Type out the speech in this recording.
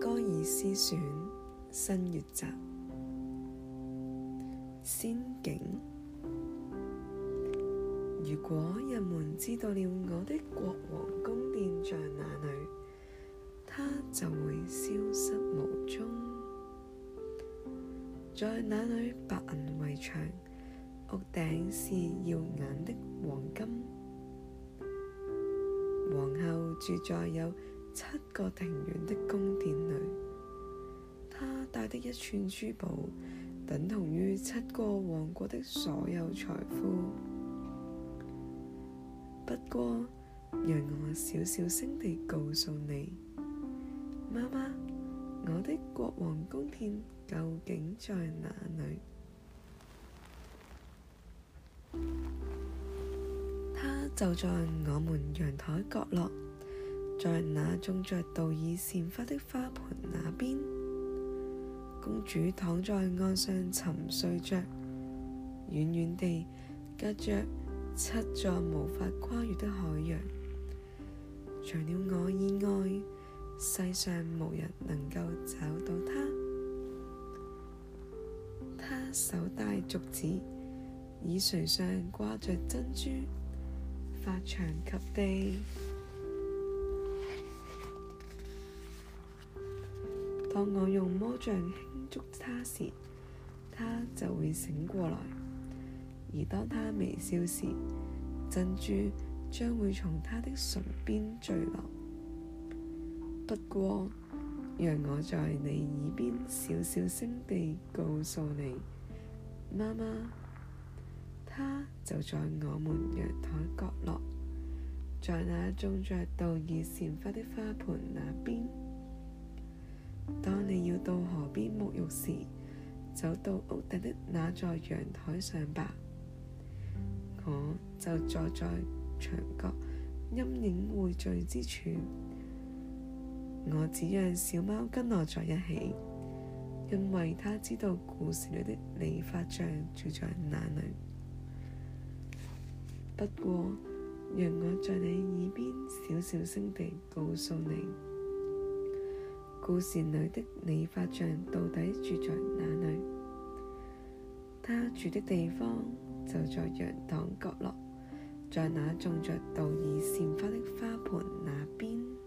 《歌爾斯選新月集》仙境。如果人們知道了我的國王宮殿在哪裏，它就會消失無蹤。在那裏，白銀圍牆，屋頂是耀眼的黃金，皇后住在有七個庭院的宮殿。一串珠寶等同於七個王國的所有財富。不過，讓我小小聲地告訴你，媽媽，我的國王宮殿究竟在哪裏。它就在我們陽台角落，在那種着道爾善花的花盆那邊。公主躺在岸上沉睡着，遠遠地隔着七座無法跨越的海洋。除了我以外，世上無人能夠找到她。她手戴鐲子，耳垂上掛着珍珠，髮長及地。當我用魔杖輕觸他時，他就會醒過來；而當他微笑時，珍珠將會從他的唇邊墜落。不過，讓我在你耳邊小小聲地告訴你，媽媽，他就在我們陽台角落，在那種着杜爾綻花的花盆那邊。.到河邊沐浴時，走到屋頂的那座陽台上吧。我就坐在牆角，陰影匯聚之處。我只讓小貓跟我在一起，因為它知道故事裏的理髮匠住在哪裏。不過，讓我在你耳邊小小聲地告訴你。故事裏的理髮匠到底住在哪裏？他住的地方就在陽台角落，在那種着道爾茜花的花盆那邊。